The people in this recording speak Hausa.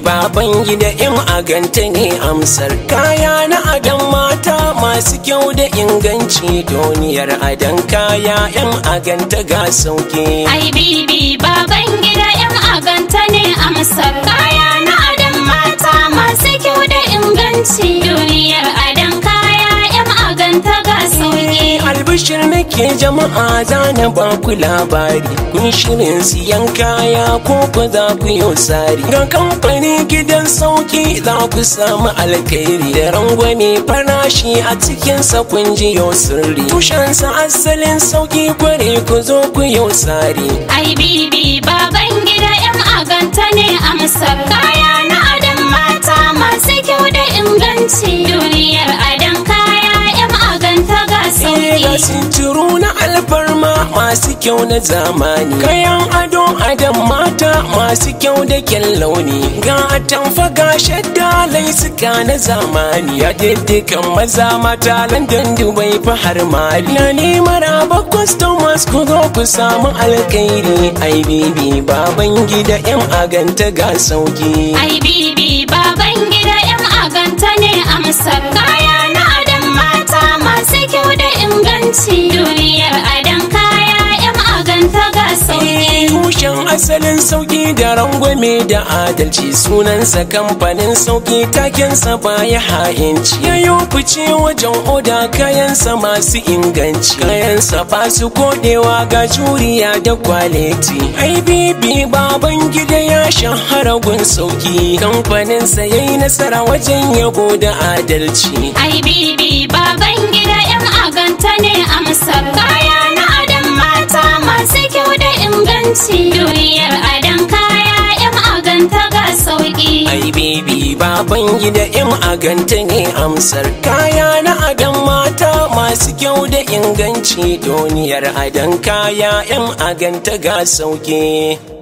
ba baban gida in aganta ne amsar kaya na adan mata masu kyau da inganci duniyar adan kaya in aganta ga sauke ai bibi baban gida in aganta ne amsar shir nake jama'a za ba ku labari kun shirin siyan kaya ko ba za ku yi sari ga kamfani gidan sauki za ku samu alkhairi da rangwame farashi a cikin sa kun ji yau sirri tushen sa asalin sauki kware ku zo ku yau sari ai bibi baban gida yan aganta ne amsar ga ciro na alfarma masu kyau na zamani kayan ado adam mata masu kyau da kyan launi ga atamfa ga shadda suka na zamani ya kan maza mata london dubai fahar mali na ne maraba customers ku zo ku samu alkairi ibb baban gida yan aganta ga sauki ibb baban gida yan aganta ne amsar taken asalin sauki da rangwame da adalci sunansa kamfanin sauki takensa baya ha'inci ya yi fice wajen oda kayansa masu inganci kayansa ba su kodewa ga juriya da kwaliti Aibibi baban gida ya shahara gun sauki kamfaninsa ya yi nasara wajen yabo da adalci Aibibi baban ai baby baban gida im a ganta ne amsar kaya na adan mata masu kyau da inganci duniyar adan kaya im a ganta ga sauki